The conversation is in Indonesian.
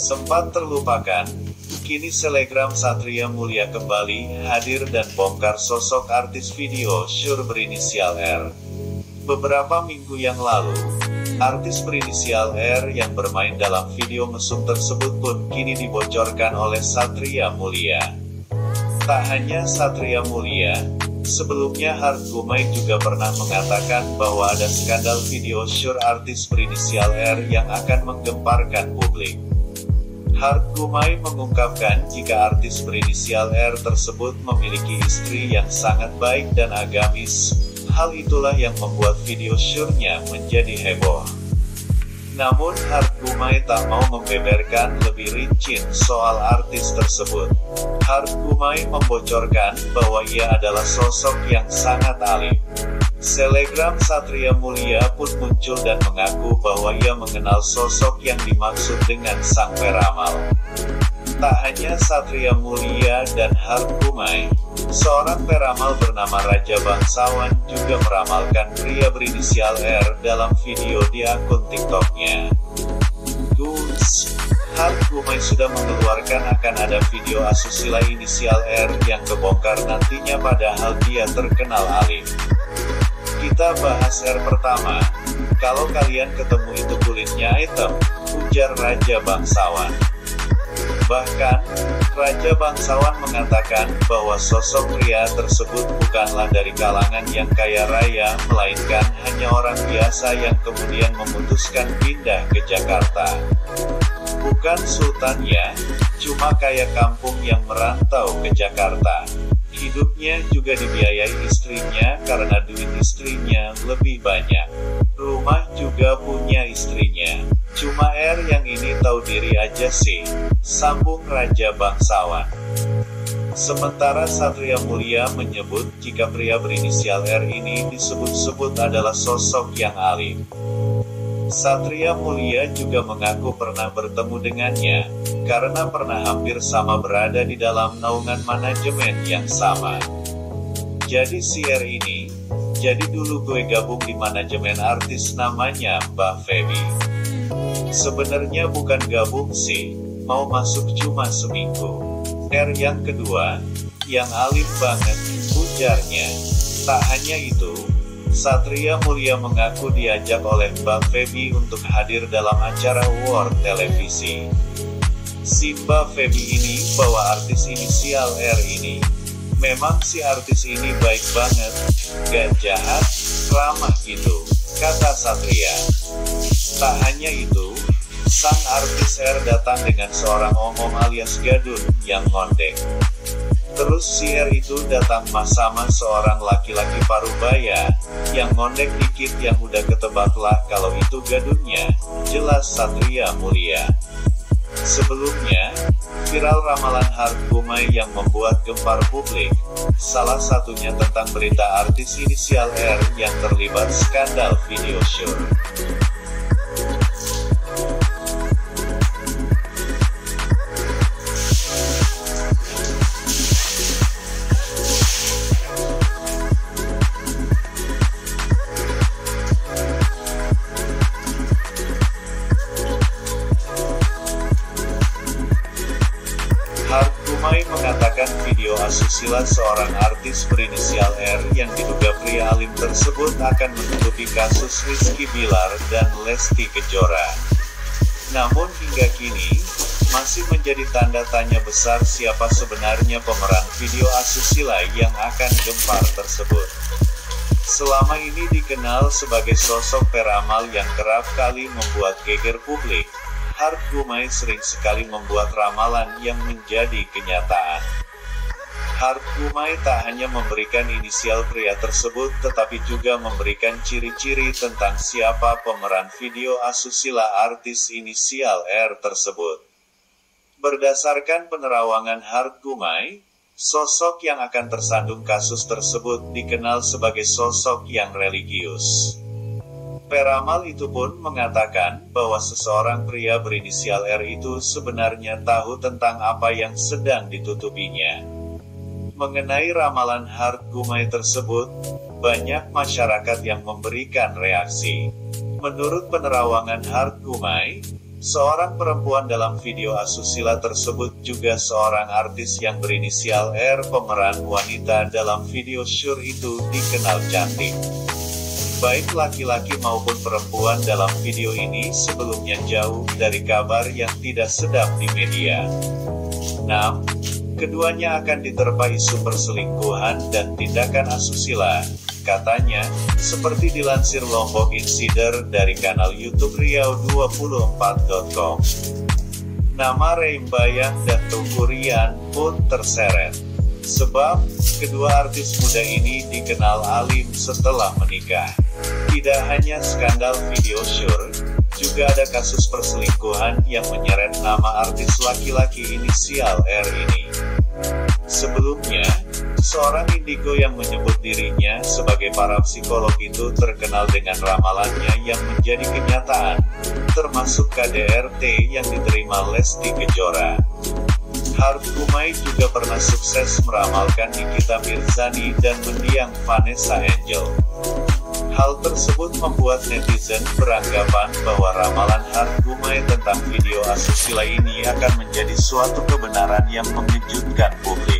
sempat terlupakan, kini selegram Satria Mulia kembali hadir dan bongkar sosok artis video Sure berinisial R. Beberapa minggu yang lalu, artis berinisial R yang bermain dalam video mesum tersebut pun kini dibocorkan oleh Satria Mulia. Tak hanya Satria Mulia, sebelumnya Hart Gumai juga pernah mengatakan bahwa ada skandal video Sure artis berinisial R yang akan menggemparkan publik. Hart Gumai mengungkapkan jika artis berinisial R tersebut memiliki istri yang sangat baik dan agamis, hal itulah yang membuat video syurnya menjadi heboh. Namun Hart Gumai tak mau membeberkan lebih rinci soal artis tersebut. Hart Gumai membocorkan bahwa ia adalah sosok yang sangat alim. Selegram Satria Mulia pun muncul dan mengaku bahwa ia mengenal sosok yang dimaksud dengan Sang Peramal. Tak hanya Satria Mulia dan Harkumai, seorang peramal bernama Raja Bangsawan juga meramalkan pria berinisial R dalam video di akun TikToknya. Dudes, Harkumai sudah mengeluarkan akan ada video asusila inisial R yang kebongkar nantinya padahal dia terkenal alim. Kita bahas R pertama. Kalau kalian ketemu itu kulitnya item, ujar Raja Bangsawan. Bahkan, Raja Bangsawan mengatakan bahwa sosok pria tersebut bukanlah dari kalangan yang kaya raya, melainkan hanya orang biasa yang kemudian memutuskan pindah ke Jakarta. Bukan sultan ya cuma kaya kampung yang merantau ke Jakarta. Hidupnya juga dibiayai istrinya karena duit istrinya lebih banyak. Rumah juga punya istrinya. Cuma R yang ini tahu diri aja sih. Sambung Raja Bangsawan. Sementara Satria Mulia menyebut jika pria berinisial R ini disebut-sebut adalah sosok yang alim. Satria Mulia juga mengaku pernah bertemu dengannya, karena pernah hampir sama berada di dalam naungan manajemen yang sama. Jadi siar ini, jadi dulu gue gabung di manajemen artis namanya Mbak Feby. Sebenarnya bukan gabung sih, mau masuk cuma seminggu. R yang kedua, yang alim banget, ujarnya. Tak hanya itu, Satria Mulia mengaku diajak oleh Mbak Feby untuk hadir dalam acara War Televisi. Si Mbak Feby ini bawa artis inisial R ini. Memang si artis ini baik banget, gak jahat, ramah gitu, kata Satria. Tak hanya itu, sang artis R datang dengan seorang omong alias gadun yang ngondek. Terus sihir itu datang mas sama seorang laki-laki parubaya, yang ngondek dikit yang udah ketebak kalau itu gadunnya, jelas satria mulia. Sebelumnya, viral ramalan Harkumai yang membuat gempar publik, salah satunya tentang berita artis inisial R yang terlibat skandal video show. Susila seorang artis berinisial R yang diduga pria alim tersebut akan menutupi kasus Rizky Bilar dan Lesti Kejora. Namun hingga kini, masih menjadi tanda tanya besar siapa sebenarnya pemeran video asusila yang akan gempar tersebut. Selama ini dikenal sebagai sosok peramal yang kerap kali membuat geger publik, Hart Gumai sering sekali membuat ramalan yang menjadi kenyataan. Kumai tak hanya memberikan inisial pria tersebut tetapi juga memberikan ciri-ciri tentang siapa pemeran video asusila artis inisial R tersebut. Berdasarkan penerawangan Hart Kumai, sosok yang akan tersandung kasus tersebut dikenal sebagai sosok yang religius. Peramal itu pun mengatakan bahwa seseorang pria berinisial R itu sebenarnya tahu tentang apa yang sedang ditutupinya. Mengenai ramalan Hart Gumai tersebut, banyak masyarakat yang memberikan reaksi. Menurut penerawangan Hart Gumai, seorang perempuan dalam video asusila tersebut juga seorang artis yang berinisial R pemeran wanita dalam video Sure itu dikenal cantik baik laki-laki maupun perempuan dalam video ini sebelumnya jauh dari kabar yang tidak sedap di media. 6 keduanya akan diterpai super selingkuhan dan tindakan asusila. Katanya, seperti dilansir Lombok Insider dari kanal YouTube Riau24.com. Nama Reimbayang dan Tunggu Rian pun terseret. Sebab, kedua artis muda ini dikenal alim setelah menikah. Tidak hanya skandal video sure, juga ada kasus perselingkuhan yang menyeret nama artis laki-laki inisial R ini. Sebelumnya, seorang indigo yang menyebut dirinya sebagai para psikolog itu terkenal dengan ramalannya yang menjadi kenyataan, termasuk KDRT yang diterima Lesti Kejora. Harv Kumai juga pernah sukses meramalkan Nikita Mirzani dan mendiang Vanessa Angel. Hal tersebut membuat netizen beranggapan bahwa ramalan Kumai tentang video asusila ini akan menjadi suatu kebenaran yang mengejutkan publik.